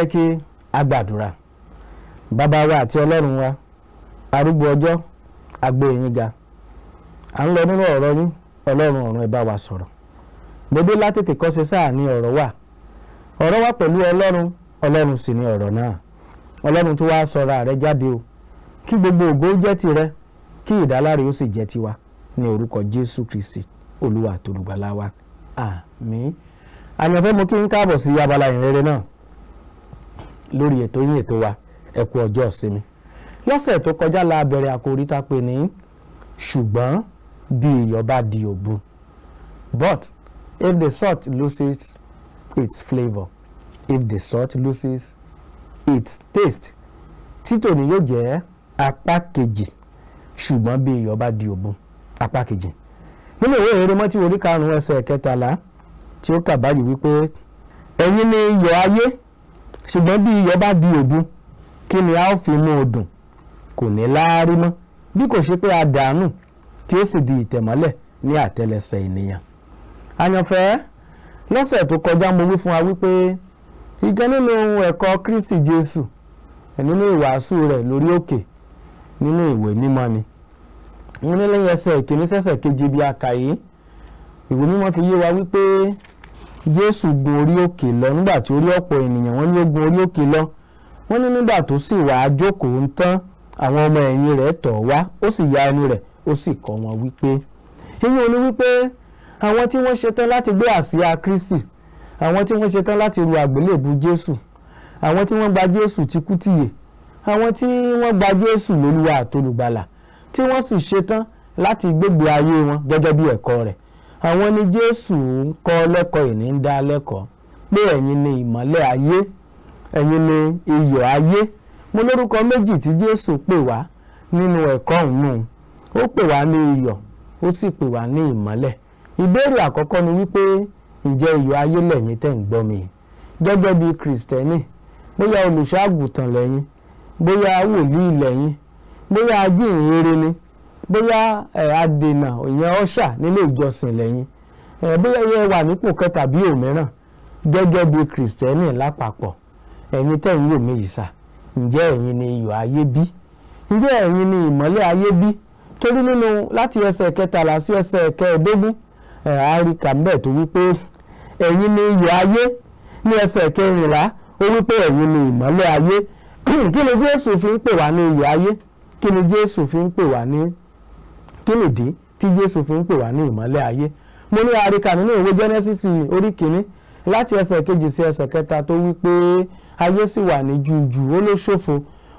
jẹ́ kí a gbàdúrà bàbá wa àti ọlọ́run wa arúgbó ọjọ́ àgbé yín ga à ń lọ nínú ọ̀rọ̀ yín ọlọ́run ọ̀run ẹ bá wa sọ̀rọ̀ gbogbo látètè kọ́ṣe sáà ní ọ̀rọ̀ wà ọ̀rọ̀ pẹ̀lú ọlọ́run ọlọ́run sì ni ọ̀rọ̀ náà ọlọ́run tó sọ̀rọ̀ rẹ jáde o kí gbogbo ògo jẹ́ tirẹ̀ kí ó sì jẹ́ tiwa ní orúkọ jésù kristi olúwa wa mo kí káàbọ̀ sí abala ìrere náà lórí ètò yín ètò wa ẹ kú ọjọ́ ìsinmi lọ́sẹ̀ tó kọjá la bẹ̀rẹ̀ àkòrí tá a ní ṣùgbọ́n bí iyọ̀ di òbu but if the salt loses its flavour if the salt loses its taste títò ní yóò jẹ́ apá kejì ṣùgbọ́n bí iyọ̀ bá di òbu apá kejì nínú ìwé ìrèmọ́tì orí karùn-ún ẹsẹ̀ kẹtàlá tí ó kà báyìí wípé ẹ̀yin ni iyọ̀ ayé ṣùgbọ́n bí iyọ̀ bá di ògún kí ni a ó fi mú un kò ní láárí mọ́ bí kò ṣe pé a dànù tí ó sì di ìtẹ̀mọ́lẹ̀ ní àtẹ́lẹsẹ̀ ènìyàn. àyànfẹ́ lọ́sẹ̀ tó kọjá mo wí fún wa wípé ìkan nínú ẹ̀kọ́ Kristi Jésù nínú ìwàásù rẹ̀ lórí òkè nínú ìwé mímọ́ ni wọn ní lẹ́yìn ẹsẹ̀ ìkíní sẹ́sẹ̀ kejì bí a ìwé mímọ́ fi yé wa wípé jésù gun orí òkè lọ nígbà tí orí ọ̀pọ̀ ènìyàn wọ́n ní ó gun orí òkè lọ wọ́n ní nígbà tó sì wàá jókòó ń tán àwọn ọmọ ẹ̀yìn rẹ̀ tọ̀ wá ó sì ya ẹnu rẹ̀ ó sì kọ́ wọn wípé ìyẹn ni wípé àwọn tí wọ́n ṣetán láti gbé àsíá kristi àwọn tí wọ́n ṣetán láti ru àgbélébù jésù àwọn tí wọ́n gba jésù ti kú tìyè àwọn tí wọ́n gba jésù lólúwa àtolùgbàlà tí wọ́n sì ṣetán láti gbégbé ayé wọn gẹ́gẹ́ bí ẹ̀kọ́ rẹ̀ àwọn ni Jésù ń kọ́ lẹ́kọ̀ọ́ ìní ń dá pé ẹ̀yin ni ìmọ́lẹ̀ ayé ẹ̀yin ni iyọ̀ ayé mo lórúkọ méjì tí Jésù pè wá nínú ẹ̀kọ́ ọ̀hún ó pè wá ní iyọ̀ ó sì pè wá ní ìmọ́lẹ̀ ìbéèrè ni wípé ayé ń mi bóyá àgùntàn bóyá ni bóyá adènà ìyẹn ọ̀ṣà nílé ìjọsìn lẹ́yìn bóyá wa wà nípò kan tàbí òmíràn gẹ́gẹ́ bí kìrìsìtẹ́nì lápapọ̀ ẹ̀yin tẹ̀yìn ni ayé bí ni ayé bí torí nínú láti kẹtàlá sí ni ayé ní ẹsẹ̀ kẹrìnlá ó wípé ni ìmọ́lẹ̀ ayé fi ń pè wá ní ayé kí fi ń pè wá kí nìdí tí jésù fi ń pè wá ní ìmọ́lẹ̀ ayé mo ní àríkà nínú ìwé genesis orí kìíní láti ẹsẹ̀ kejì sí ẹsẹ̀ kẹta tó wí pé ayé sì wà ní jùjù ó ló ṣòfo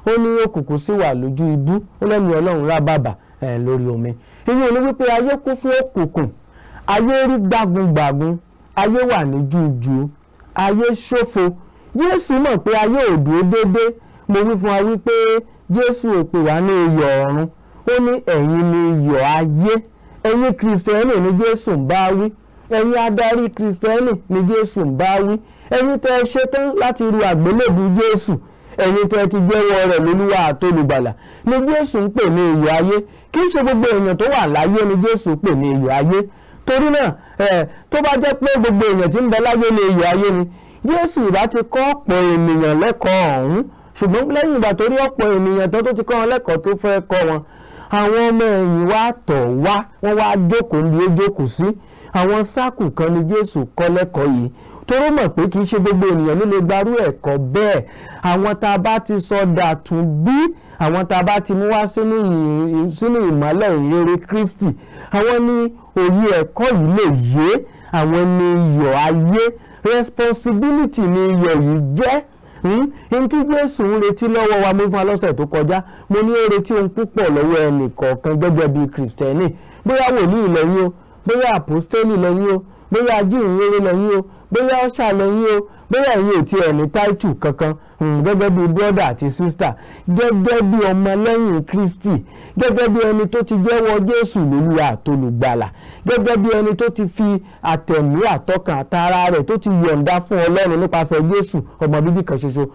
ó ní òkùnkùn sì wà lójú ibú ó lẹ́nu ọlọ́run rábàbà ẹ̀ lórí omi ìyẹn ni wípé ayé kún fún òkùnkùn ayé rí gbágungbàgun ayé wà ní jùjù ayé ṣòfo jésù mọ̀ pé ayé ò dúró déédéé mo wí fún wa wípé jésù ò pè wá ní oyè ọ̀run ó ní ẹ̀yin ni iyọ̀ ayé ẹ̀yin kristẹni ni jésù ń bá wí ẹ̀yin adarí kristẹni ni jésù ń bá wí ẹ̀yin tẹ́ ẹ ṣetán láti ru àgbélébù jésù ẹ̀yin tẹ́ ẹ ti jẹ́wọ́ rẹ̀ lólúwa àtolùgbàlà ni jésù ń pè ní iyọ̀ ayé kì í ṣe gbogbo èèyàn tó wà láyé ni jésù pè ní iyọ̀ ayé torí náà ẹ tó bá jẹ́ pé gbogbo èèyàn tí ń bẹ láyé ni iyọ̀ ayé ni jésù ìbá ti kọ́ ọ̀pọ̀ ènìyàn lẹ́kọ̀ọ́ ọ̀hún ṣùgbọ́n lẹ́yìn ìgbà tó ọ̀pọ̀ ènìyàn tó ti kọ́ wọn lẹ́kọ̀ọ́ tó fẹ́ kọ́ wọn àwọn ọmọ ẹ̀yìn wa tọ̀ wá wọ́n wá jókòó níbi ó jókòó sí àwọn sáàkù kan ni Jésù kọ́ lẹ́kọ̀ọ́ yìí toró mọ̀ pé kì í ṣe gbogbo ènìyàn ló lè gbarú ẹ̀kọ́ bẹ́ẹ̀ àwọn tá a bá ti sọ dàtún bí àwọn tá a bá ti mú wá sínú ìmọ́lẹ̀ ìrere Kristi àwọn ní òye ẹ̀kọ́ yìí lè yé àwọn ní iyọ̀ ayé responsibility ni iyọ̀ yìí jẹ́ Hmm? n tí Jésù ń retí lọ́wọ́ wa mo fún wa lọ́sẹ̀ tó kọjá mo ní ó retí ohun púpọ̀ lọ́wọ́ ẹnì kọ̀ọ̀kan gẹ́gẹ́ bíi kìrìsìtẹ́nì bóyá wòlíì lẹ́yìn o bóyá àpòstélì lẹ́yìn o bóyá ajínrere lẹ́yìn o bóyá ọ̀ṣà lẹ́yìn o bóyá ẹ̀yin ò tiẹ̀ ní táìtù kankan gẹ́gẹ́ bí brother àti sister gẹ́gẹ́ bí ọmọlẹ́yìn Kristi gẹ́gẹ́ bí ẹni tó ti jẹ́wọ́ Jésù lólúwa àtolùgbàlà gẹ́gẹ́ bí ẹni tó ti fi àtẹ̀mí àtọkàn àtara rẹ̀ tó ti yọ̀ǹda fún Ọlọ́run nípasẹ̀ Jésù ọmọ bíbí kan ṣoṣo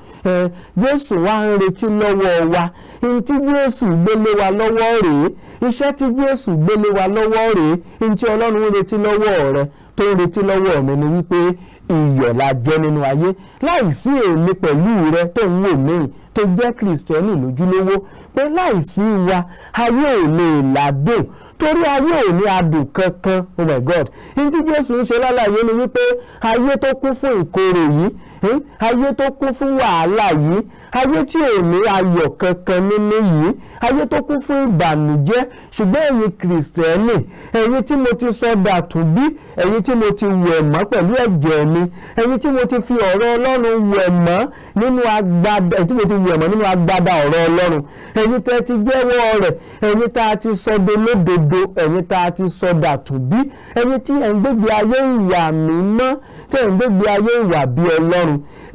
Jésù wa ń retí lọ́wọ́ wa ní tí Jésù gbélé wa lọ́wọ́ rèé iṣẹ́ tí Jésù gbélé wa lọ́wọ́ rèé ní tí Ọlọ́run ń retí lọ́wọ́ rẹ tó ń retí lọ́wọ́ mi ni wípé iyọ̀ la jẹ́ nínú ayé láìsí èmi pẹ̀lú rẹ tó ń wò mí tó jẹ́ kìrìsìtẹ́nì lójúlówó pé láìsí wa ayé ò lè ládùn torí ayé ò ní adùn kankan oh my god ntí jésù ń ṣe lálàyé ni wípé ayé tó kún fún ìkorò yìí eh, ayé tó kún fún wàhálà yìí ayé tí ò ní ayọ̀ kankan nínú yìí ayé tó kún fún ìbànújẹ́ ṣùgbọ́n ẹ̀yin kìrìsìtẹ́nì ẹ̀yin tí mo ti sọ dàtúnbí ẹ̀yin tí mo ti wẹ̀ mọ́ pẹ̀lú ẹ̀jẹ̀ mi ẹ̀yin tí mo ti fi ọ̀rọ̀ ọlọ́run wẹ̀ mọ́ nínú agbada tí mo ti wẹ̀ mọ́ nínú agbada ọ̀rọ̀ ọlọ́run ẹ̀yin tẹ́ ti jẹ́wọ́ rẹ̀ ẹ̀yin tá a ti sọ dolódodo ẹ̀yin tá a ti sọ dàtúnbí ẹ̀yin tí ẹ̀ ń gbégbé ayé ìwà mímọ́ tẹ́ ẹ̀ ń gbégbé ayé ìwà bí ọlọ́run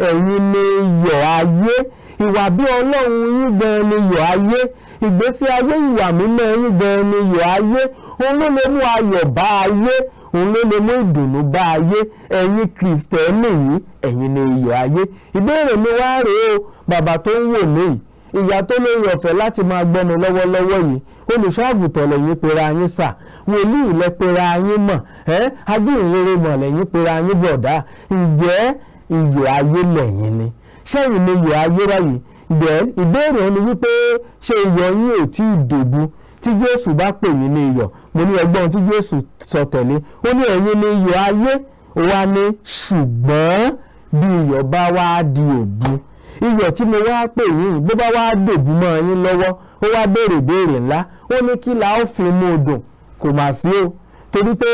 ẹ̀yin ni yọ̀ ayé ìwà bí ọlọ́run yín gan ni yọ̀ ayé ìgbésí ayé ìwà mímọ́ ẹ̀yin gan-an ni yọ̀ ayé òun ló lè mú ayọ̀ bá ayé òun ló lè mú ìdùnnú bá ayé ẹ̀yin kìrìsìtẹ́nì yìí ẹ̀yin ni iyọ̀ ayé ìbéèrè mi wá rèé o bàbá tó ń wò mí ìyá tó lórí ọ̀fẹ́ láti máa gbọ́ mi lọ́wọ́lọ́wọ́ yìí olùṣọ́àgùtàn lẹ́yìn pera yín sà wòlíì lẹ pera yín mọ̀ ẹ́ ajínrere mọ̀ lẹ́yìn pera yín bọ̀dá ǹjẹ́ iyọ̀ ayé lẹ́yìn ni ṣẹ́yìn ni iyọ̀ ayé báyìí then ìbéèrè ni wípé ṣé iyọ̀ yín ò tí ì dòbu tí Jésù bá pè mí ní iyọ̀ mo ní ẹgbọ́n tí Jésù sọ tẹ̀lé ó ní ẹ̀yin ní iyọ̀ ayé ó wá ní ṣùgbọ́n bí iyọ̀ bá wá di òbu iyọ̀ tí mo wá pè yín bó bá wá dòbu mọ́ yín lọ́wọ́ ó wá béèrè béèrè ńlá ó ní kí la ó fi mú un dùn kò mà sí o torí pé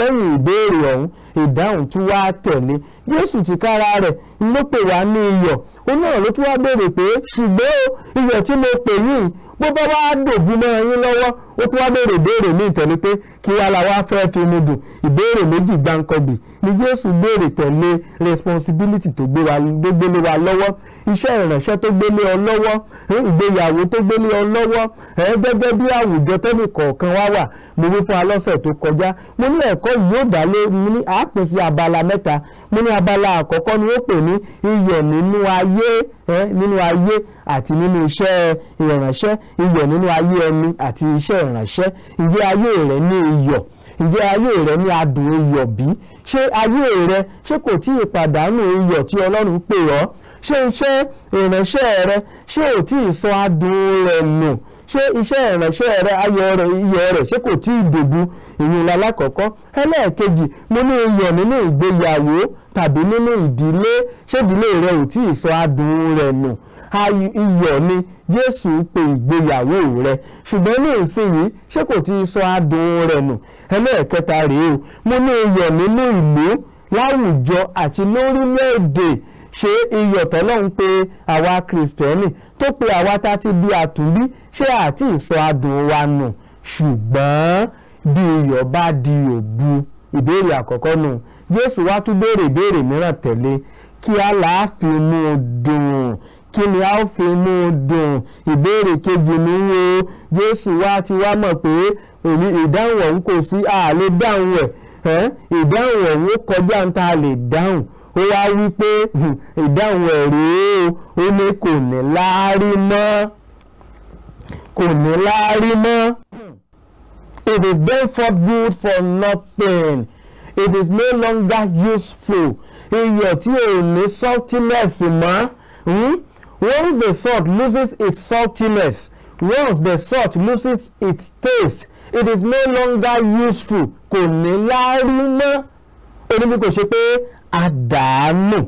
lẹ́yìn ìbéèrè ọ̀hún ìdáhùn tún wá tẹ̀lé jésù ti kára rẹ̀ ló pè wá ní iyọ̀ ó náà ló tún wá béèrè pé ṣùgbọ́n iyọ̀ tí mo pè yìí bó bá wá dògún mọ́ ẹyin lọ́wọ́ ó tún wá béèrè béèrè ní ìtẹ̀lé pé kí wá la wá fẹ́ fi mu dùn ìbéèrè méjì gbáǹkọ́bì ni Jésù béèrè tẹ̀lé responsibility tó gbé lé wa lọ́wọ́ iṣẹ́ ìrànṣẹ́ tó gbé lé ọ lọ́wọ́ ìgbéyàwó tó gbé lé ọ lọ́wọ́ gẹ́gẹ́ bí àwùjọ tẹ́lẹ̀ kọ̀ọ̀kan wá wà mo wí fún alọ́sẹ̀ tó kọjá mo ní ẹ̀kọ́ yìí ó dá lé mi ní àápín sí abala mẹ́ta mo ní abala àkọ́kọ́ ni ó pè ní iyọ̀ nínú ayé nínú ayé àti nínú iṣẹ́ ìrànṣẹ́ iyọ̀ nínú ayé ẹni àti iṣẹ́ ìrànṣẹ́ ìránṣẹ́ ǹjẹ́ ayé rẹ ní iyọ̀ ǹjẹ́ ayé rẹ ní adùn iyọ̀ bí ṣé ayé rẹ ṣé kò tí ì pàdánù iyọ̀ tí Ọlọ́run pè ọ́ ṣé iṣẹ́ ìránṣẹ́ rẹ ṣé ò tí ì sọ adùn rẹ nù ṣé iṣẹ́ ìránṣẹ́ rẹ ayọ̀ rẹ iyọ̀ rẹ ṣé kò tí ì dòbu ìyún lálákọ̀ọ́kọ́ ẹlẹ́ẹ̀kejì mo ní iyọ̀ nínú ìgbéyàwó tàbí nínú ìdílé ṣé ìdílé rẹ ò tí ì sọ adùn rẹ nù iyọ̀ ni Jésù pe ìgbéyàwó rẹ ṣùgbọ́n ní ìsinyìí ṣé kò ti sọ adùn rẹ̀ nù ẹlẹ́ẹ̀kẹta rèé o mo ní iyọ̀ nínú ìlú láwùjọ àti lórílẹ̀‐èdè ṣé iyọ̀ tọ́lọ́run pé àwa kìrìsìtẹ́nì tó pe àwa tá ti di àtúnbí ṣé àti ìsọ adùn wa nù ṣùgbọ́n bí iyọ̀ bá di òbu ìbéèrè àkọ́kọ́ nù Jésù wá tún béèrè ìbéèrè mìíràn tẹ̀lé kí aláàfin mú un dùn kí ni a fi mú un dùn ìbéèrè kejì mi ń wo Jésù wa ti wá mọ̀ pé èmi ìdáhùn ọ̀hún kò sí àlè dáhùn ẹ̀ ìdáhùn ọ̀hún kọjá ń ta lè dáhùn ó wá wí pé hmm, ìdáhùn ẹ̀ rèé o ó ní kò ní láárí mọ́ kò ní láárí mọ́. It is for good for nothing. It is no longer useful. Iyọ̀ tí ò ní saltiness mọ́. Hmm, Once the salt loses its saltiness, once the salt loses its taste, it is no longer useful. Kò ní láárí mọ́. Oníbi kò ṣe pé a dàánù.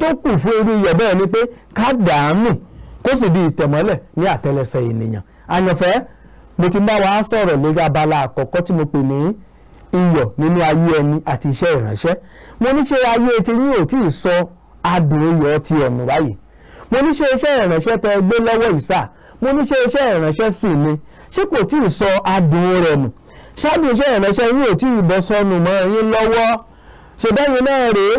tó kù fún irú iyọ̀ bẹ́ẹ̀ ni pé ká dàánù kó sì di ìtẹ̀mọ́lẹ̀ ní àtẹlẹsẹ̀ ènìyàn. Àyànfẹ́ mo ti bá wa sọ̀rọ̀ lórí abala àkọ́kọ́ tí mo pè ní iyọ̀ nínú ayé ẹni àti iṣẹ́ ìránṣẹ́. Mo ní ṣe ayé tí yín ò tí ì sọ adùn oyè ọtí ẹ̀mú báyìí mo ní ṣe iṣẹ́ ìrànṣẹ́ tẹ gbé lọ́wọ́ ìsà mo ní ṣe iṣẹ́ ìrànṣẹ́ sì ni ṣé kò tí ì sọ adùn rẹ̀ nù ṣáàdùn iṣẹ́ ìrànṣẹ́ yín ò tí ì bọ́ sọnù mọ́ yín lọ́wọ́ ṣèbẹ́yìn náà rèé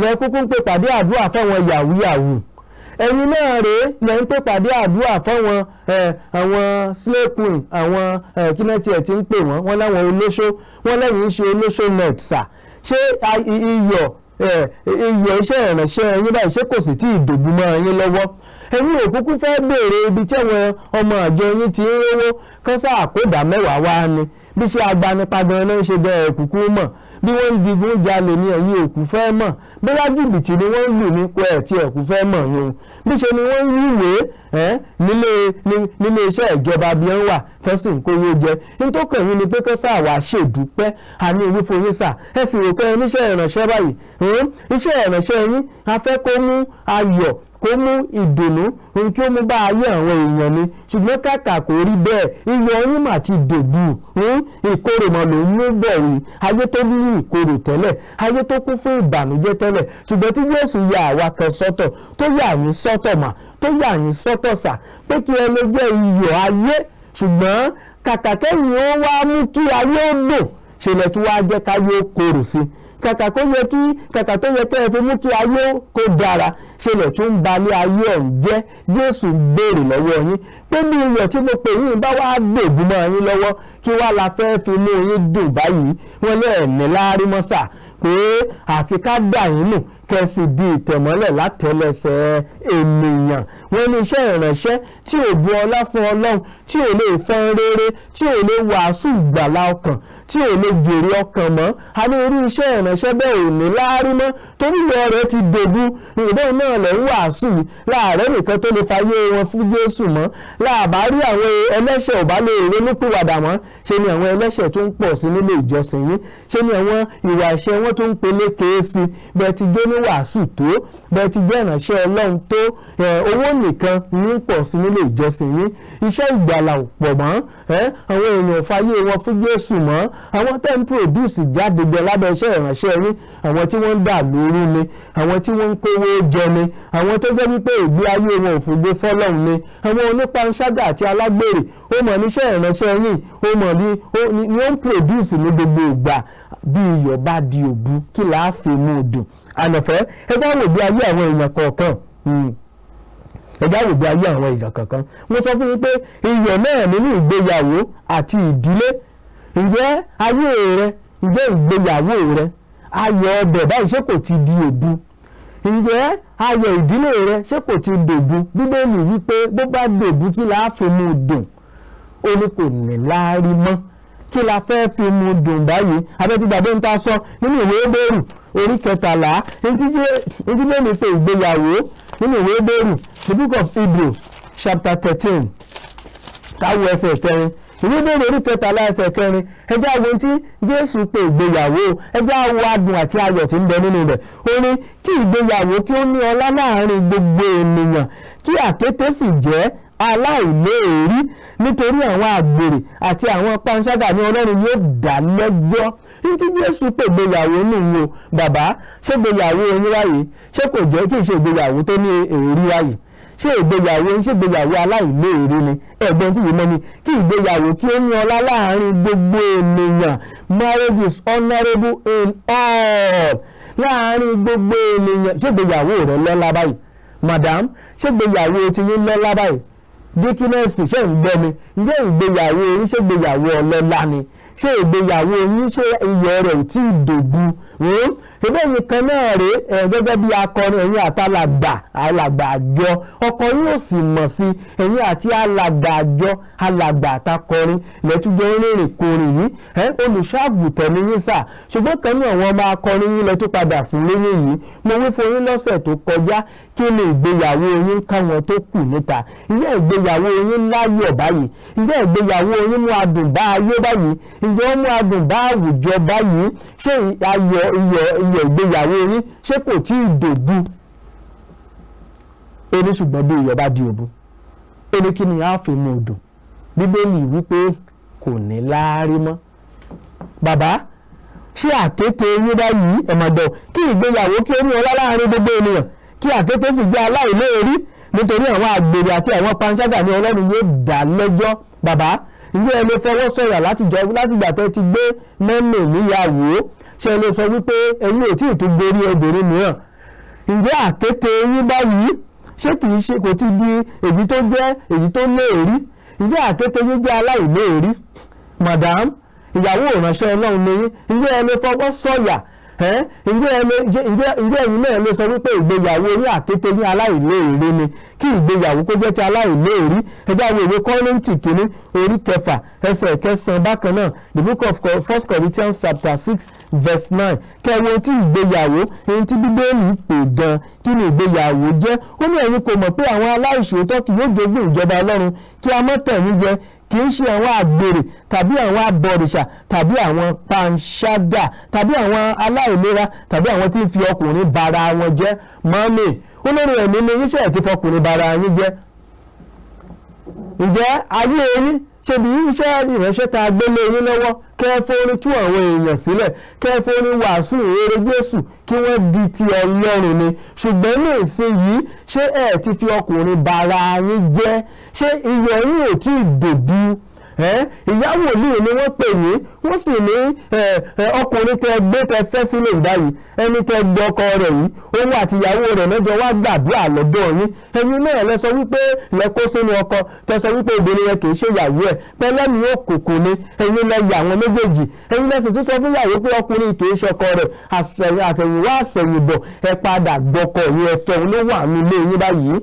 lẹ kúkú ń pè pàdé àdúrà fáwọn yahoo yahoo ẹ̀yin náà rèé lẹ ń pè pàdé àdúrà fáwọn àwọn slakun àwọn kínẹ́tì ẹ̀ ti ń pè wọ́n wọ́n láwọn olóṣó wọ́n lẹ́yìn ń ṣe olóṣó nọ̀tì sà ṣé iyọ̀ iyẹ̀ iṣẹ́ ìrànṣẹ́ yín báyìí ṣé kò sì tí lọwọ. dògún mọ́ yín lọ́wọ́ ẹ̀yin òkúkú fẹ́ béèrè ibi tí ọmọ àjọ yín ti ń rówó kọ́sà àkódà mẹ́wàá wá ni bí ṣe agbanipa gan-an bí wọ́n ń digun jalè ní ẹ̀yin òkú fẹ́ mọ̀ bóyá jìbìtì ni wọ́n ń lù ní kó ẹ̀ tí ẹ̀kú fẹ́ mọ̀ yun níṣe ni wọ́n ń wúwe nílé iṣẹ́ ìjọba bí wọ́n wà tán sì ń kówó jẹ nítòkàn yín ni pé kó sáà wá ṣèdúpẹ́ àní ìwé fún yín sà ẹ rò pé iṣẹ́ ìrànṣẹ́ báyìí iṣẹ́ ìrànṣẹ́ yín a fẹ́ kó mú ayọ̀ kó mú ìdùnnú ohun kí ó mú bá ayé àwọn èèyàn ni ṣùgbọ́n kàkà kò rí bẹ́ẹ̀ iyọ̀ ọyún mà ti dògbù ń hmm? ìkorò mọ̀ ló ń mú bẹ̀ yìí ayé tó ní ìkorò tẹ́lẹ̀ ayé tó kún fún ìbànújẹ́ tẹ́lẹ̀ ṣùgbọ́n ya àwa kan sọ́tọ̀ tó yà yín sọ́tọ̀ mà tó yà yín sọ́tọ̀ sà pé kí ẹ lè jẹ́ iyọ̀ ayé ṣùgbọ́n kàkà kẹ́yìn ó wá mú kí ayé ó dùn tí wàá kàkà kó yẹ kí kàkà tó yẹ kẹ́ ẹ fi mú kí ayé kó dára ṣe lè tún balẹ̀ ayé ọ̀hún jẹ́ yóò sì béèrè lọ́wọ́ yín pé bí iyọ̀ tí mo pè yín bá wá dògùn mọ́ yín lọ́wọ́ kí wá la fẹ́ fi mú yín dùn báyìí wọ́n lẹ́ẹ̀mí láárí mọ́sà pé àfi ká dà yín nù kẹsì di ìtẹ̀mọ́lẹ̀ látẹlẹsẹ̀ ènìyàn wọn ní iṣẹ́ ìránṣẹ́ tí ò bu ọlá fún ọlọ́run tí ò lè fọ́n rere tí ò lè wàásù ìgbàlá ọkàn tí ò lè jèrè ọkàn mọ́ a ní irú iṣẹ́ ìránṣẹ́ bẹ́ẹ̀ ò ní láárí mọ́ torí ìwọ rẹ̀ ti dògún ìròdó náà lẹ̀ ń wàásù yìí láàárẹ̀ nìkan tó lè fayé wọn fún Jésù mọ́ láàbá rí àwọn ẹlẹ́ṣẹ̀ ò bá lè ronúpìwàdà mọ́ ṣe ni àwọn ẹlẹ́ṣẹ̀ tó ń pọ̀ sí nílé ìjọsìn yín ṣe ni àwọn ìwà ẹ̀ṣẹ̀ wọn tó ń peléke sí bẹ́ẹ̀ ti jẹ́ ní wàásù tó bẹ́ẹ̀ ti jẹ́ ìránṣẹ́ Ọlọ́run tó owó nìkan ń pọ̀ sí nílé ìjọsìn yín iṣẹ́ ìgbàlà ò pọ̀ mọ́ àwọn èèyàn fàyè wọn fún Jésù mọ́ àwọn tẹ́ ń produce jáde jẹ lábẹ́ iṣẹ́ ìránṣẹ́ yín àwọn tí wọ́n ń dà lóru ni àwọn tí wọ́n ń kówó jẹ ni àwọn tó jẹ́ wípé ìgbé ayé wọn ò fògbé fọ́lọ́run ni àwọn onípanṣágà àti alágbèrè ó mọ̀ níṣẹ́ ìránṣẹ́ yín ó mọ̀ ní ni ó ń produce ní gbogbo ìgbà bí iyọ̀ bá di òbu kí làá fi mú un dùn ànàfẹ́ ẹ bá wò bí ayé àwọn èèyàn kọ̀ọ̀kan. Mm ẹjá àwògbé ayé àwọn èèyàn kankan mo sọ fún yín pé iyọ̀ náà nínú ìgbéyàwó àti ìdílé ǹjẹ́ ayé rẹ ǹjẹ́ ìgbéyàwó rẹ ayọ̀ ọbẹ̀ báyìí ṣé kò ti di òbu ǹjẹ́ ayọ̀ ìdílé rẹ ṣé kò ti dòbu bíbélì wípé bó bá dòbu kí la fi mu dùn ó ní kò ní láárí mọ́ kí la fẹ́ fi mu dùn báyìí abẹ́tí gbàgbé ń ta sọ nínú ìwé bẹ́ẹ̀rù orí kẹtàlá ntí lè ní pé ìgbéyàwó nínú ìwé bẹ́ẹ̀rù the book of Hebrew chapter thirteen káwọ ẹsẹ̀ kẹrin ìwé bẹ́ẹ̀rù orí kẹtàlá ẹsẹ̀ kẹrin ẹjẹ́ àwọn ohun tí Jésù pé ìgbéyàwó ẹjẹ́ àwọn adùn àti ayọ̀ tí ń bẹ nínú rẹ̀ ó ní kí ìgbéyàwó kí ó ní ọlá láàrin gbogbo ènìyàn kí àkété sì jẹ́ aláìléèrí nítorí àwọn àgbèrè àti àwọn panṣágà ní Ọlọ́run yóò dá lẹ́jọ́ ntí jésù pè gbéyàwó nìyí o bàbá ṣé gbéyàwó yín wáyé ṣé kò jẹ́ kí n ṣe ìgbéyàwó tó ní èrè wáyé ṣé ìgbéyàwó ṣé ìgbéyàwó aláìléèrè ni ẹ̀gbọ́n tí yìí mọ́ ni kí ìgbéyàwó kí ó ní ọlá láàárín gbogbo ènìyàn marriage is honourable in all láàárín gbogbo ènìyàn ṣé ìgbéyàwó rẹ lọ́lá báyìí madam ṣé ìgbéyàwó ti yín lọ́lá báyìí dikínẹ́sì ṣé ń gbọ́ mi ǹjẹ́ ìgbéyàwó yín ṣé ìgbéyàwó ọlọ́lá ni ṣé ìgbéyàwó yín ṣé iyọ̀ rẹ̀ ò tí ì dògbu wọ́n ebe ṣùgbọ́n kan náà rèé ẹ̀ gẹ́gẹ́ bí akọrin ẹ̀yin àti alàgbà àjọ ọkọ yín ò sì mọ̀ sí ẹ̀yin àti alàgbà àjọ alàgbà àtakọrin lẹ́tújọ́ onye kùnrin yìí ẹ̀ olùṣọ́àgùtàn ni yín ṣùgbọ́n kan náà wọ́n máa kọrin yín lẹ́tú padà fún lẹ́yìn yìí mo wí fún yín lọ́sẹ̀ tó kọjá kí yín káwọn tó kù níta ǹjẹ́ ìgbéyàwó yín láyọ̀ báyìí ǹjẹ́ ìgbéyàwó yín mú adùn iyọ̀ iyọ̀ ìgbéyàwó yín ṣé kò tí ì dòbu ó ní ṣùgbọ́n bí iyọ̀ bá di òbu ó ní kí ni a fi mú un dùn bíbélì wípé kò ní láárí mọ́ bàbá ṣé àkété yín báyìí ẹ̀mọ̀dọ̀ kí ìgbéyàwó kí ó ní ọlá láàrin gbogbo ènìyàn kí àkété sì jẹ́ aláìlóorí nítorí àwọn àgbèrè àti àwọn panṣágà ní ọlọ́run yóò dá lẹ́jọ́ bàbá ìwé ẹ lè fọwọ́ sọ̀yà látìgbà tẹ́ ti gbé mẹ́mì níyàwó ṣe lè sọ wípé ẹ̀yin ò tí ì tún gborí obìnrin mìíràn ǹjẹ́ àkété yín báyìí ṣé kì í ṣe kò ti di èyí tó jẹ́ èyí tó lóòrí ǹjẹ́ àkété yín jẹ́ aláìlóòrí madam ìyàwó ìránṣẹ́ ọlọ́run ni yín ǹjẹ́ ẹ lè fọwọ́ sọ̀yà ǹjẹ́ ẹ̀yin náà lè sọ wípé ìgbéyàwó orí àkété ní aláìléèrè ni kí ìgbéyàwó kó jẹ́ ti aláìléèrí ẹjẹ́ àwọn ìwé kọ́rẹ́ǹtì kìíní orí kẹfà ẹsẹ̀ kẹsàn-án bákan náà the book of first corinthians chapter six verse nine kẹwo tí ìgbéyàwó ohun tí bíbélì pè gan kí ni ìgbéyàwó jẹ́ ó ní ẹ̀yin kò mọ̀ pé àwọn aláìṣòótọ́ kì yóò jogún ìjọba ọlọ́run kí a má tẹ̀yìn jẹ kì í ṣe àwọn àgbèrè tàbí àwọn abọ̀rìṣà tàbí àwọn panṣágà tàbí àwọn aláìlera tàbí àwọn tí ń fi ọkùnrin bara wọn jẹ́ mọ́mì olórí ẹ̀mí ni iṣẹ́ ẹ̀ ti fọkùnrin bara yín jẹ́ ǹjẹ́ ayé yín ṣebí iṣẹ́ ìránṣẹ́ tá a gbélé yín lọ́wọ́ kẹ́ forin tú àwọn èèyàn sílẹ̀ kẹ́ forin wàásù ìrere Jésù kí wọ́n di ti Ọlọ́run ni ṣùgbọ́n ní ìsinyìí ṣé ẹ ti fi ọkùnrin bara yín jẹ́ ṣé iyọ̀ yín ò tí ì dòbí ìyá wòlíì ni wọ́n pè yín wọ́n sì ní ọkùnrin tẹ gbé tẹ fẹ́ sílé ìdá yìí ẹni tẹ gbọ́ ọkọ rẹ̀ yìí òun àti ìyàwó rẹ̀ lọ́jọ́ wá gbàdúrà lọ́dọ̀ yín ẹ̀yin náà lẹ sọ wípé lẹ kó sínú ọkọ tẹ sọ wípé obìnrin yẹn kì í ṣe ìyàwó ẹ̀ pẹ́lẹ́ ni ó kòkò ni ẹ̀yin lẹ yà àwọn méjèèjì ẹ̀yin lẹ sì tún sọ fún ìyàwó pé ọkùnrin kì í ṣe ọkọ rẹ̀ àtẹ̀yìnwá àṣẹ̀yìnbọ̀ ẹ padà gbọ́kọ yín ẹ̀fẹ̀ ló wà nílé yín báyìí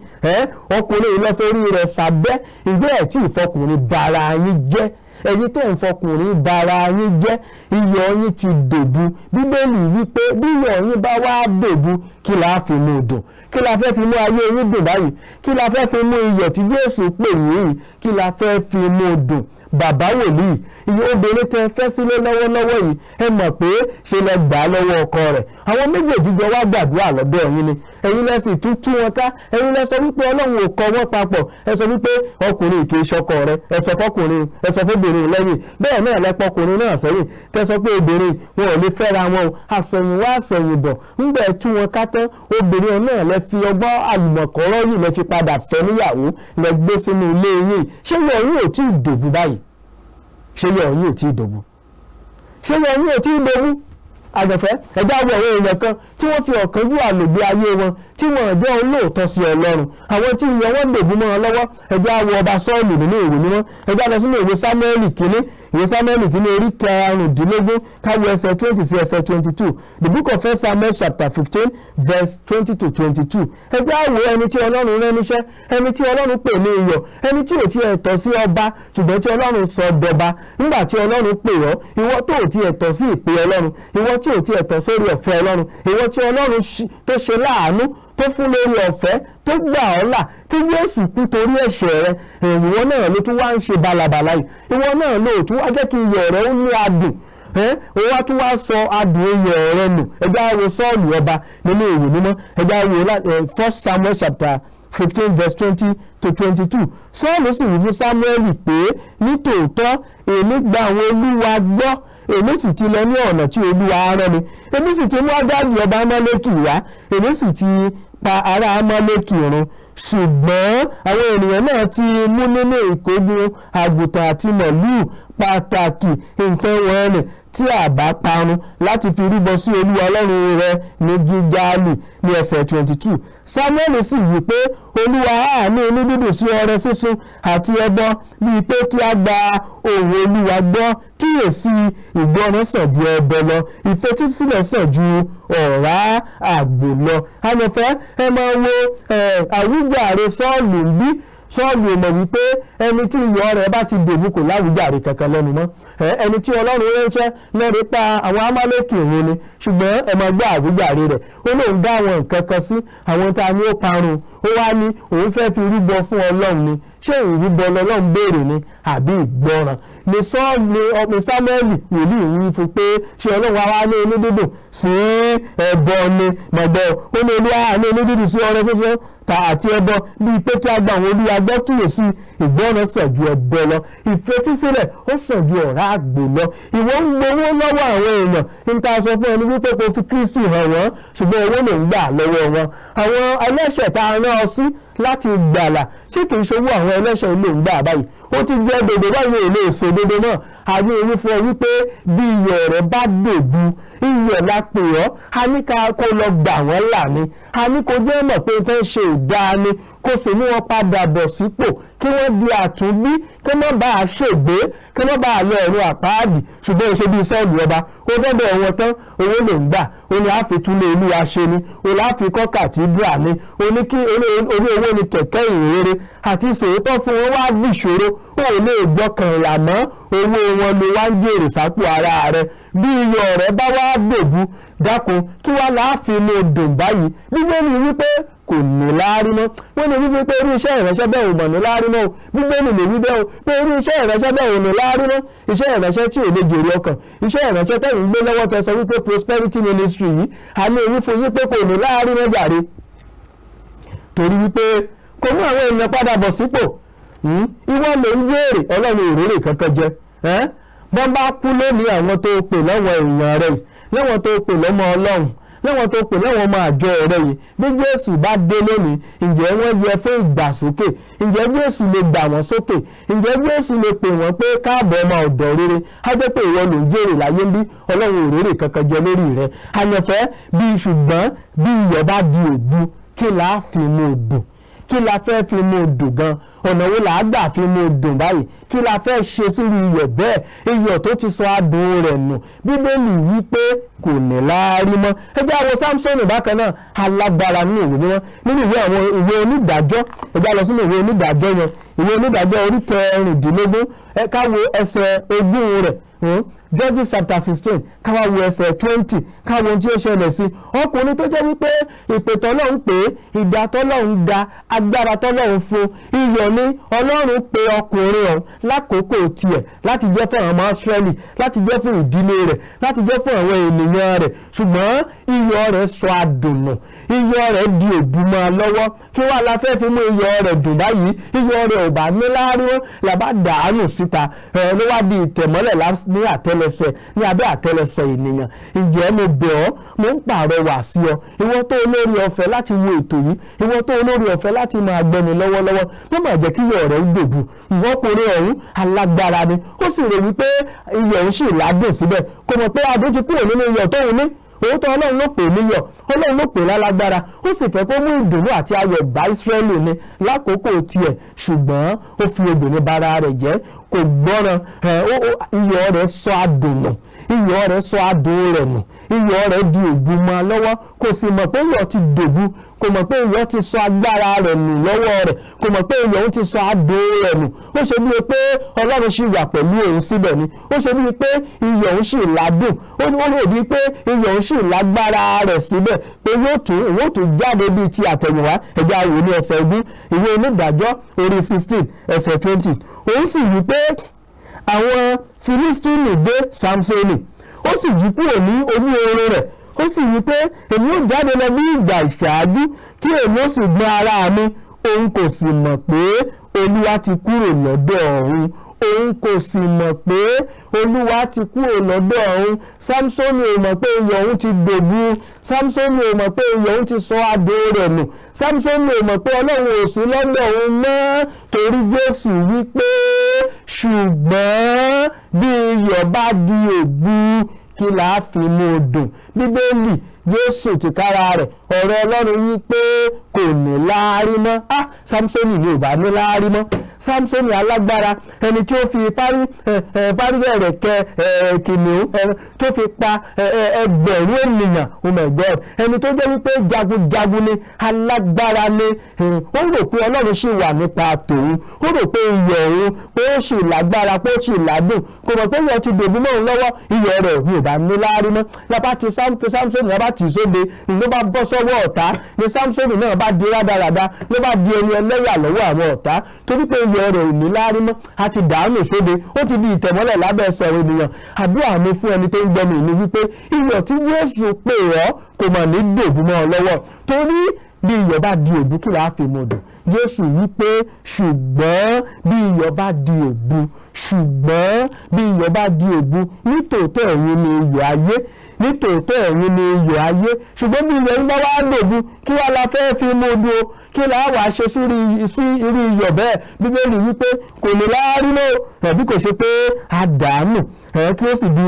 ọkùnrin ìlọ́fẹ́ orí rẹ̀ sàbẹ́ ìjẹ́ ẹ̀ tí ìfọkùnrin bara yín jẹ́ ẹ̀yin tẹ́ ń fọkùnrin bara yín jẹ́ iyọ̀ yín ti dòbu bíbélì wípé bí iyọ̀ yín bá wá dòbu kí la fi mú dùn kí la fẹ́ fi mú ayé yín dùn báyìí kí la fẹ́ fi mú iyọ̀ tí Jésù pè yín kí la fẹ́ fi mú dùn bàbá wòlíì iye obìnrin tẹ fẹ́ sílé lọ́wọ́lọ́wọ́ yìí ẹ mọ̀ pé ṣe lẹ gbà á lọ́wọ́ ọkọ rẹ̀ àwọn méjèèjì jọ wá gbàdúrà lọ́dọ̀ yín ni ẹ̀yin lẹ sì tún tú wọn ká ẹ̀yin lẹ sọ wípé ọlọ́run ò kọ wọ́n papọ̀ ẹ sọ wípé ọkùnrin kì í ṣọkọ rẹ ẹ sọ fọkùnrin ẹ sọ fóbìnrin lẹ́yìn bẹ́ẹ̀ náà lẹ pọkùnrin náà sẹ́yìn tẹ sọ pé obìnrin wọn ò lè fẹ́ra wọn o àsẹ̀yìn wá àsẹ̀yìn bọ̀ ńgbẹ́ tú wọn ká tán obìnrin náà lẹ fi ọgbọ́n àlùmọ̀kọ́rọ́ yìí lẹ fi padà fẹ́ níyàwó lẹ gbé sínú ilé yìí ṣé yọ̀ yín ò tí ì dòbù báyìí ṣé yọ̀ ò tí ì dòbù ṣé yọ̀ ò tí ì dòbù àgbẹ̀fẹ́ ẹ̀já wọ̀ ọ̀rọ̀ èèyàn kan tí wọ́n fi ọ̀kánjú àlògbé ayé wọn tí wọ́n jẹ́ olóòótọ́ sí ọlọ́run àwọn tí ìyẹn wọ́n dògún mọ́ wọn lọ́wọ́ ẹjẹ́ awọ ọba sọ́ọ̀lù nínú ìwé mímọ́ ẹjẹ́ lọ sínú ìwé sámúẹ́lì kínní ìwé sámúẹ́lì kínní orí karùndínlógún káwọ ẹsẹ̀ twenty sí ẹsẹ̀ twenty two the book of first samuel chapter fifteen verse twenty to twenty two ẹjẹ́ awọ ẹni tí ọlọ́run rán níṣẹ́ ẹni tí ọlọ́run pè ní iyọ̀ ẹni tí ò ti ẹ̀tọ́ sí ọba ṣùgbọ́n tí ọlọ́run sọ dọba nígbà tí ọlọ́run pè ọ́ ìwọ tó ò ti ẹ̀tọ́ sí ìpè ọlọ́run ìwọ tí ò ti ẹ̀tọ́ tí ọlọ́run tó ṣe láàánú tó fún lórí ọ̀fẹ́ tó gbà ọ́ là tí Jésù kú torí ẹ̀ṣẹ̀ rẹ ìwọ náà ló tún wá ń ṣe balabala yìí ìwọ náà ló tún wá jẹ́ kí iyọ̀ rẹ ó ní adùn ó wá tún wá sọ adùn iyọ̀ rẹ nù ẹja wo Sọ́ọ̀lù ọba nínú ìwé mímọ́ ẹja wo First Samuel chapter fifteen verse twenty to twenty-two Sọ́ọ̀lù sì wí fún Samuel pé nítòótọ́ èmi gba àwọn olúwa gbọ́ èmi sì ti lọ ní ọ̀nà tí olúwa rán mi èmi sì ti mú ágádì ọba amálẹ́kì wá èmi sì ti pa ara amálẹ́kì run ṣùgbọ́n àwọn ènìyàn náà ti mú nínú ìkógun àgùntàn àti màlúù pàtàkì nǹkan wọn rìn tí a bá parun láti fi rúbọ sí olúwa ọlọ́run rẹ ní gígáàlì ní ẹsẹ̀ twenty two samuel sì wí pé olúwa àánú onídùúdù sí ọrẹ sísun àti ẹbọ bíi pé kí a gba òun olúwa gbọ́ kíyèsí ìgbọràn sàn ju ẹbọ lọ ìfetísílẹ̀ sàn ju ọ̀rá àgbò lọ àyànfẹ́ ẹ máa wo àwíjàre sọ́ọ̀lù ń bí Sọ́ọ̀lù ò mọ̀ wípé ẹni tí iyọ̀ rẹ̀ bá ti dèbù kò láwùjáre kankan lẹ́nu mọ́ ẹni tí Ọlọ́run ránṣẹ́ lọ́ọ́ pa àwọn Amálẹ́kì òun ni ṣùgbọ́n ọmọ ẹgbẹ́ àwùjáre rẹ̀ ó lóun dá àwọn nǹkan kan sí àwọn tá a ní ó parun ó wá ní òun fẹ́ fi rúbọ fún Ọlọ́run ni ṣé ìrúbọ lọ́lọ́run béèrè ni àbí ìgbọràn lè sọ lè ọmọ Sámúẹ́lì wòlíì wí fún pé ṣé ọlọ́run àwa ní onídídùn sí ẹ̀bọ ni mọ̀gbọ́ ó ní olúwa ní onídídùn sí ọrẹ sísun ta àti ẹbọ bíi pé kí a gba àwọn olúwa gbọ́ kíyèsí ìgbọ́ràn sàn ju ẹbọ lọ ìfetísílẹ̀ ó sàn ju ọ̀rá àgbò lọ ìwọ ń gbowó lọ́wọ́ àwọn èèyàn níta sọ fún ẹni wípé kò fi Kristi hàn wọ́n ṣùgbọ́n owó ló ń gbà lọ́wọ́ wọn àwọn ẹlẹ́ṣẹ̀ tá a rán ọ sí láti gbàlà ṣé kì í ṣowó àwọn ẹlẹ́ṣẹ̀ ló ń gbà báyìí ó ti jẹ́ bèbè báyìí èlé èso babama àwọn ewé fún ọ wípé bí iyọ̀ rẹ bá dòbu iyọ̀ la pè ọ́ a ní ká kó lọ gbà wọ́n là ni a ní kó jẹ́ mọ̀ pé tó ń ṣe ìdáa ni kó sì ní wọn padà bọ̀ sípò kí wọ́n di àtúnbí kí wọ́n bá a ṣègbé kí wọ́n bá a lọ ọ̀run àpáàdì ṣùgbọ́n ìṣe bíi sẹ́ẹ̀lì ọba ó dọ́dọ̀ wọn tán owó lè ń gbà ó ní àfitúnlé olúwa ṣe ni ó láfikọ́ kàtídírà ni ó ní kí orí owó ni kẹ̀kẹ́ ìhìnrere àti ìṣòwò tán fún wọn wá bí ìṣòro ó lè gbọ́kànlá mọ́ owó wọn ló wá ń jèrè sápò ara rẹ bí iye ọ̀rẹ́ bá wá dòbu dákun kí wá láàfin ní dùn báyìí bíbélì wípé kò ní láárí mọ́ wọ́n ní wípé pé irú iṣẹ́ ìránṣẹ́ bẹ́ẹ̀ ò mọ̀ ní láárí mọ́ o bíbélì lè wí o pé irú iṣẹ́ ìránṣẹ́ bẹ́ẹ̀ ò ní láárí mọ́ iṣẹ́ ìránṣẹ́ tí ò lè jèrè ọkàn iṣẹ́ ìránṣẹ́ tẹ̀yìn gbé lọ́wọ́ tẹ̀sán wípé prosperity ministry yìí a ní èyí fún yín pé kò ní láárí mọ́ jàre torí wípé kò mú àwọn èèyàn padà bọ̀ sípò hmm? ìwọ ló ń jèrè ọlọ́run òróró bọ́n bá kú lónìí àwọn tó pè lọ́wọ́ èèyàn rẹ̀ lẹ́wọ̀n tó pè lọ́mọ ọlọ́run lẹ́wọ̀n tó pè lẹ́wọ̀n ọmọ àjọ rẹ̀ yìí bí Jésù bá dé lónìí ǹjẹ́ wọ́n yẹ fún ìgbàsókè ǹjẹ́ Jésù lè gbà wọ́n sókè ǹjẹ́ Jésù lè pè wọ́n pé káàbọ̀ ọmọ ọ̀dọ̀ rere á ìwọ ló ń jèrè láyé ń bí Ọlọ́run òrórè kankan jẹ lórí rẹ̀ àyànfẹ́ bí ṣùgbọ́n bí iyọ̀ bá di òbu kí làá fi mú kí la fẹ́ fi mu dùn gan ọ̀nà wo là á gbà fi mu dùn báyìí kí la fẹ́ ṣe síbi iyọ̀ bẹ́ẹ̀ iyọ̀ tó ti sọ adùn rẹ̀ nù bíbélì wípé kò ní láárí mọ́ ẹ jẹ́ àwọn Sámsónì bákan náà alágbára nínú ìwé mímọ́ nínú ìwé àwọn ìwé onídàájọ́ ẹ jẹ́ lọ sínú ìwé onídàájọ́ yẹn ìwé onídàájọ́ orí kẹrìndínlógún ẹ ká wo ẹsẹ̀ ogún rẹ̀ judges chapter sixteen káwá wo ẹsẹ̀ twenty káwọn ohun tí ó ṣẹlẹ̀ sí ọkùnrin tó jẹ́ wípé ìpè tọ́lọ́run pé ìdá tọ́lọ́run da agbára tọ́lọ́run fún iyọ̀ ni ọlọ́run pè ọkùnrin ọ̀hún lákòókò tiẹ̀ láti jẹ́ fún àwọn ọmọ Ísírẹ́lì láti jẹ́ fún ìdílé rẹ̀ láti jẹ́ fún àwọn ènìyàn rẹ̀ ṣùgbọ́n iyọ̀ rẹ̀ sọ adùnnù iyọ̀ rẹ̀ di òbu mọ́ ọ lọ́wọ́ la fẹ́ fi mú iyọ̀ rẹ̀ dùn báyìí iyọ̀ rẹ̀ ò bá ní láàárọ̀ làbá dàánù síta ẹ̀ ló wá di ìtẹ̀mọ́lẹ̀ ní àtẹ́lẹsẹ̀ ní abẹ́ àtẹ́lẹsẹ̀ ènìyàn ǹjẹ́ mo bẹ̀ ọ́ mo ń pàrọwà sí ọ ìwọ tó olórí ọ̀fẹ́ láti wo ètò yìí ìwọ tó olórí ọ̀fẹ́ láti máa gbẹnu lọ́wọ́lọ́wọ́ má mà jẹ́ kí iyọ̀ rẹ̀ ó dòbu ìwọ́kùnrin ọ̀hún alágbára ni ó sì rò wípé iyọ̀ ń ṣì ládùn síbẹ̀ kò mọ̀ pé adùn ti kúrò nínú iyọ̀ tóun òótọ́ ọlọ́run ló pè é níyọ̀ ọlọ́run ló pè é lálágbára ó sì fẹ́ kó mú ìdùnnú àti ayọ̀ bá Ísírẹ́lì ni lákòókò tiẹ̀ ṣùgbọ́n ó fi obìnrin bara rẹ̀ jẹ́ kò gbọ́ràn iyọ̀ rẹ̀ sọ adùn nù iyọ̀ rẹ̀ sọ adùn rẹ̀ nù iyọ̀ rẹ̀ di ògùn mọ́ lọ́wọ́ kò sì mọ̀ pé iyọ̀ ti dògùn kò mọ̀ pé iyọ̀ ti sọ agbára rẹ̀ nù lọ́wọ́ rẹ̀ kò mọ̀ pé iyọ̀ ń ti sọ adé rẹ̀ nù ó ṣe bíi pé ọlọ́run ṣì wà pẹ̀lú òun síbẹ̀ ni ó ṣe bíi pé iyọ̀ ń ṣì ládùn ó ní wọ́n rò bíi pé iyọ̀ ń ṣì lágbára rẹ̀ síbẹ̀ pé yóò tún ìwé òtún jáde bíi ti àtẹ̀yìnwá ẹ̀já ìwé ní ẹsẹ̀ ogún ìwé onídàájọ́ orí sixteen ẹsẹ̀ twenty òun sì wí pé àwọn Filistini dé Samsoni ó sì jí kúrò ní ojú oorun rẹ̀ ó sì wí pé èmi ò jáde lọ bí ìgbà ìṣáájú kí èmi ó sì gbé ara mi òun kò sì mọ̀ pé olúwa ti kúrò lọ́dọ̀ òun òun kò sì mọ̀ pé olúwa ti kúrò lọ́dọ̀ òun samsoni ò mọ̀ pé iyọ̀ òun ti gbògbó samsoni ò mọ̀ pé iyọ̀ òun ti sọ adé rẹ̀ nù samsoni ò mọ̀ pé ọlọ́run ò sí lọ́dọ̀ òun mọ́ torí jésù wípé ṣùgbọ́n bí iyọ̀ bá di ògbú kí là fi mú un dùn bíbélì jésù tìkára rẹ̀ ọ̀rọ̀ ọlọ́run wípé kò ní láárí mọ́ ah samsoni ni ò bá ní láárí mọ́ samsoni alágbára ẹni tí ó fi parí parí ẹ̀rẹ̀kẹ́ kìnìún tó fi pa ẹgbẹ̀rún ènìyàn oh my god ẹni tó jẹ́ wípé jagunjagun ni alágbára ni ó rò pé ọlọ́run sì wà nípa tòun ó rò pé iyọ̀ òun pé ó sì lágbára pé ó sì ládùn kò mọ̀ pé iyọ̀ ti dèbí mọ́ òun lọ́wọ́ iyọ̀ rẹ̀ mi ò bá ní láárí mọ́ lápá ti samsoni lápá ti sóde ló bá bọ́ sọ́wọ́ ọ̀tá ni samsoni náà bá di rádaràda ló bá di ẹni ẹlẹ́yà lọ́wọ́ àwọn ọ̀tá torí pé ayọ̀ rẹ̀ ò ní láárí mọ́ a ti dàánù sóde ó ti di ìtẹ̀mọ́lẹ̀ lábẹ́ sọ̀rọ̀ ènìyàn àdúrà mi fún ẹni tó ń gbẹmí ni wípé iyọ̀ tí Jésù pè ọ́ kò mà ní dòbú mọ́ ọ lọ́wọ́ torí bí iyọ̀ bá di òbú kí làá fi mọ̀ dùn Jésù wípé ṣùgbọ́n bí iyọ̀ bá di òbú ṣùgbọ́n bí iyọ̀ bá di òbú nítòótọ́ ẹ̀yin ni iyọ̀ ayé nítòótọ́ ẹ̀yin ni iyọ̀ ayé ṣùgbọ́n bí ilẹ̀ ńlá wá dòdu kí wá la fẹ́ fi mú du kí la wàá ṣe sí irú iyọ̀ bẹ́ẹ̀ bíbélì wípé kò lè láárí lò tàbí kò ṣe pé a dànù ẹ̀ kí ó sì di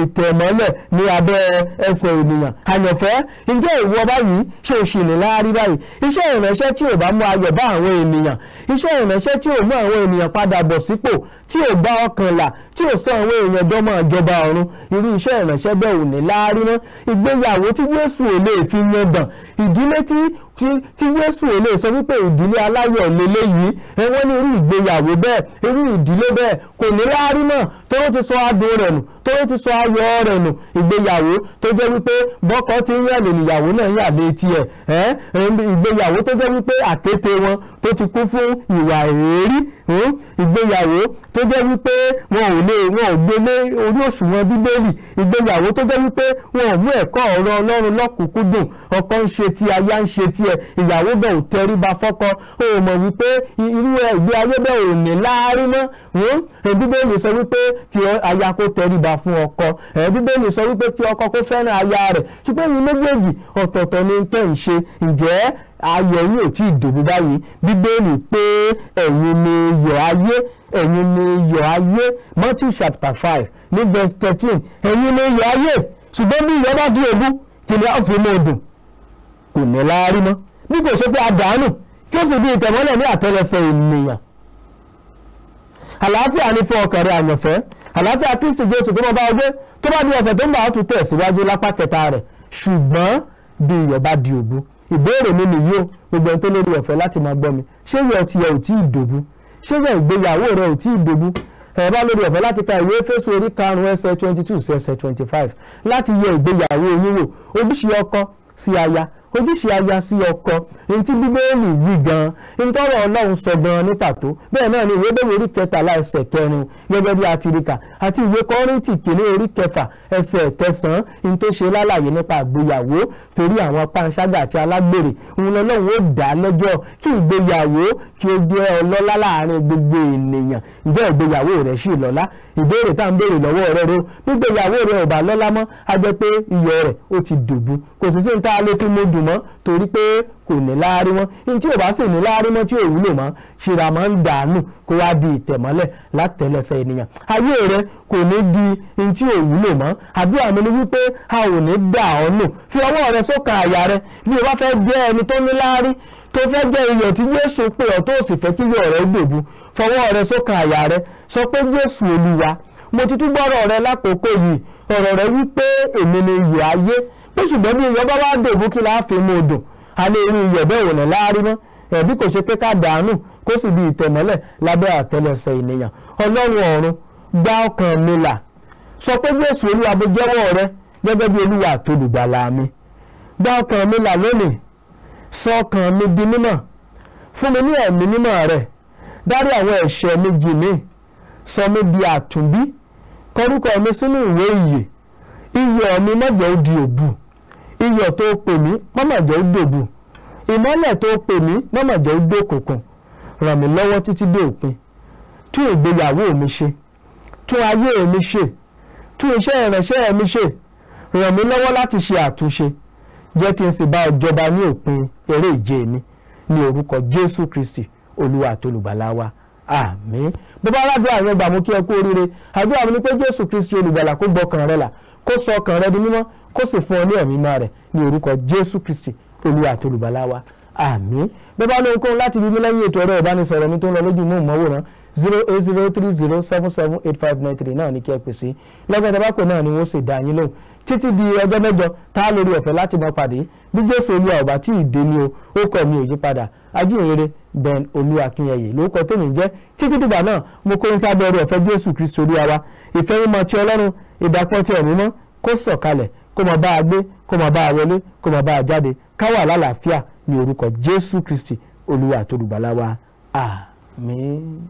ìtẹ̀mọ́lẹ̀ ní abẹ́ ẹsẹ̀ ènìyàn àyànfẹ́ ǹjẹ́ ìwọ báyìí ṣe òṣèlè láárí báyìí iṣẹ́ ìránṣẹ́ tí ò bá mú ayọ̀ bá àwọn ènìyàn iṣẹ́ ìránṣẹ́ tí ò mú àwọn ènìyàn padà bọ̀ sípò tí ò bá ọkàn là tí ò sọ àwọn èèyàn dọ́mọ ìjọba ọ̀run irú iṣẹ́ ìránṣẹ́ bẹ́ẹ̀ ò ní láárí mọ́ ìgbéyàwó tí Jésù ò lè fi yangàn ìdílé tí Jésù ò lè sọ wípé ìdílé aláyọ̀ lélẹ́yìí ẹ̀wọ́n ní irú ìgbéyàwó bẹ́ẹ̀ irú ìdílé bẹ́ẹ̀ kò ní láárí mọ́ tóró ti sọ adùn rẹ̀ nù tóró ti sọ ayọ̀ rẹ̀ nù ìgbéyàwó tó jẹ́ wípé bọ́kọ ti ń yàn lènìyàwó náà yà létí ẹ̀ ìgbéyàwó tó jẹ́ wípé àkété wọn tó ti kún fún ìwà èérí ìgbéyàwó tó jẹ́ wípé wọn ò lè wọn ò gbélé orí òṣùwọ̀n bíbélì ìgbéyàwó tó jẹ́ wípé wọn ò mú ẹ̀kọ́ ọ̀rọ̀ ọlọ́run lọ́kùnkúndùn ọkọ ń ṣe ti aya ń ṣe tiẹ̀ ìyàwó bẹ́ẹ̀ ò tẹríba fọ́kọ o mọ̀ wípé irú ìgbé ayé bẹ́ẹ̀ ò ní láárí mọ́ eh, bíbélì sọ wípé kí aya kó tẹríba fún ọkọ eh, bíbélì sọ wípé kí ọkọ kó fẹ́ràn aya rẹ̀ ṣùgbọ́n ìyẹn méjèèjì ọ̀tọ̀ọ̀tọ̀ ni tẹ̀ ń ṣe ǹjẹ́ ayọ̀ yìí tí ì dòbí báyìí bíbélì pé ẹ̀yin ni iyọ̀ ayé ẹ̀yin ni iyọ̀ ayé Matthew chapter five ní verse thirteen ẹ̀yin ni iyọ̀ ayé ṣùgbọ́n bí iyọ̀ bá dín ogún ni á fi mọ́ ọdún kò ní láárí mọ́ bí kò ṣe pé àdánù kí ó sì bí ìtẹ̀mọ́lẹ̀ ní àtẹ́lẹsẹ̀ ènìyàn àlàáfíà ní fún ọkàn rẹ àyànfẹ́ àlàáfíà Kristi Jésù tó bá bá ọgbẹ́ tó bá di ọ̀sẹ̀ tó ń bá ọ̀tún tẹ̀síwájú lápá kẹta rẹ̀ ṣùgbọ́n bí iyọ̀ bá di ogún ìbéèrè mi nìyí o gbogbo ẹni tó lórí ọ̀fẹ́ láti máa gbọ́ mi ṣé yẹ ọtí ẹ ò tí ì dòbu ṣé yẹ ìgbéyàwó rẹ ò tí ì dòbu ẹ bá lórí ọ̀fẹ́ láti ka ìwé Éfésù orí karùn-ún ẹsẹ̀ twenty two sí ẹsẹ̀ twenty five láti yẹ ìgbéyàwó yín wò ojúṣe ọkọ sí aya ojúṣe aya sí ọkọ ní ti bíbélì wí gan ní tọrọ Ọlọ́run sọ gan ní pàtó bẹ́ẹ̀ náà ni ìwé bẹ̀rẹ̀ orí kẹtàlá ẹsẹ̀ kẹrin gẹ́gẹ́ bí àtìríkà àti ìwé Kọ́ríńtì kìíní orí kẹfà ẹsẹ̀ kẹsànán ní tó ṣe lálàyé nípa ìgbéyàwó torí àwọn panṣágà àti alágbèrè òun lọ́lọ́run ó dá lẹ́jọ́ kí ìgbéyàwó kí ó jẹ́ ọlọ́lá láàárín gbogbo ènìyàn ǹjẹ́ ìgbéyàwó rẹ̀ sì lọ́lá ìbéèrè tá à ń béèrè lọ́wọ́ rẹ ro gbígbéyàwó rẹ ò bá lọ́lá mọ́ a jẹ́ pé iyọ̀ rẹ̀ ó ti dùbú kò sì sí ní tá a fi mójú dùn mọ́ torí pé kò ní láárí mọ́ ní tí ò bá sì ní láárí mọ́ tí ò wúlò mọ́ ṣìrà máa ń dànù kó wá di ìtẹ̀mọ́lẹ̀ látẹlẹsẹ̀ ènìyàn ayé rẹ kò ní di ní tí ò wúlò mọ́ àdúrà mi ni wípé a ò ní dà ọ́ nù fi ọwọ́ rẹ sókà àyà rẹ bí o bá fẹ́ jẹ́ ẹni tó ní láárí tó fẹ́ jẹ́ iyọ̀ tí Jésù pé ọ́ tó fẹ́ kí iyọ̀ rẹ gbòbu fọwọ́ rẹ sókà àyà rẹ sọ pé Jésù Olúwa mo ti tún gbọ́rọ̀ rẹ lákòókò yìí ọ̀rọ̀ rẹ wípé èmi ni iyọ̀ ayé pé ṣùgbọ́n bí iyọ̀ bá wá dògbò kí la fi mú odò alẹ́ irú iyọ̀ bẹ́ẹ̀ wò ní láárí mọ́ ẹ̀bí kò ṣe pé ká dànù kó sì di ìtẹ̀mọ́lẹ̀ lábẹ́ àtẹlẹsẹ̀ ènìyàn ọlọ́run ọ̀run gba ọkàn mi là sọ pé jésù olúwa bó jẹ́wọ́ rẹ gẹ́gẹ́ bí olúwa àtolùgbàlà mi gba ọkàn mi là lónìí sọ ọkàn mi di mímọ́ fún mi ní ẹ̀mí mímọ́ rẹ dárí àwọn ẹ̀ṣẹ̀ mi jì mí sọ mi di àtúnbí kọrúkọ mi sínú ìwé ìyè ìyè mi má di òbù iyọ̀ tó pè mí mọ́mọ̀ jẹ́ ó dòbù ìmọ́lẹ̀ tó pè mí mọ́mọ̀ jẹ́ ó dòkùnkùn ràn mí lọ́wọ́ títí dé òpin tún ìgbéyàwó mi ṣe tún ayé mi ṣe tún iṣẹ́ ìránṣẹ́ mi ṣe ràn mí lọ́wọ́ láti ṣe àtúnṣe jẹ́ kí n sì bá ọjọba ní òpin eré ìje mi ní orúkọ Jésù Kristi olúwa àtolùgbàlà wa àmín bó bá rádùn àrùn ẹgbàá mú kí ẹ kú oríire àdúrà mi ni pé jésù kristi olùgbàlà kó gbọkàn rẹ là kó sọ ọkàn rẹ di mímọ́ kó sì fún ọ ní ẹ̀mí mímọ́ rẹ̀ ní orúkọ jésù kristi olúwa àti olùgbàlà wa àmín bó bá lóun kóhun láti rí mi lẹ́yìn ètò ẹ̀rọ ìbánisọ̀rọ̀ mi tó ń lọ lójú mọ́ òmọ́wòrán zero eight zero three zero seven seven eight five nine three náà ni kí ẹ pè sí lọ́gbọ̀n tó bá pè náà ni wọ́n sì dá yín lóhùn títí di ọjọ́ mẹ́jọ tá a lórí ọ̀fẹ́ láti máa pàdé bí jésù olúwa ò bá tí ì dé ni o ó kọ̀ mi ò ajínrere ben olúwakínyẹyẹ lórúkọ tèmi ń jẹ́ títí dìgbà náà mo kó yín sábẹ́ orí ọ̀fẹ́ jésù kristu olúwa wa ìfẹ́ mímọ́ ti ọlọ́run ìdàpọ̀ ti ẹ̀mí mọ́ kó sọ̀kalẹ̀ kó máa bá a gbé kó máa bá a wọlé kó máa bá a jáde káwà lálàáfíà ní orúkọ jésù kristi olúwa àtolùgbàlà wa àmín.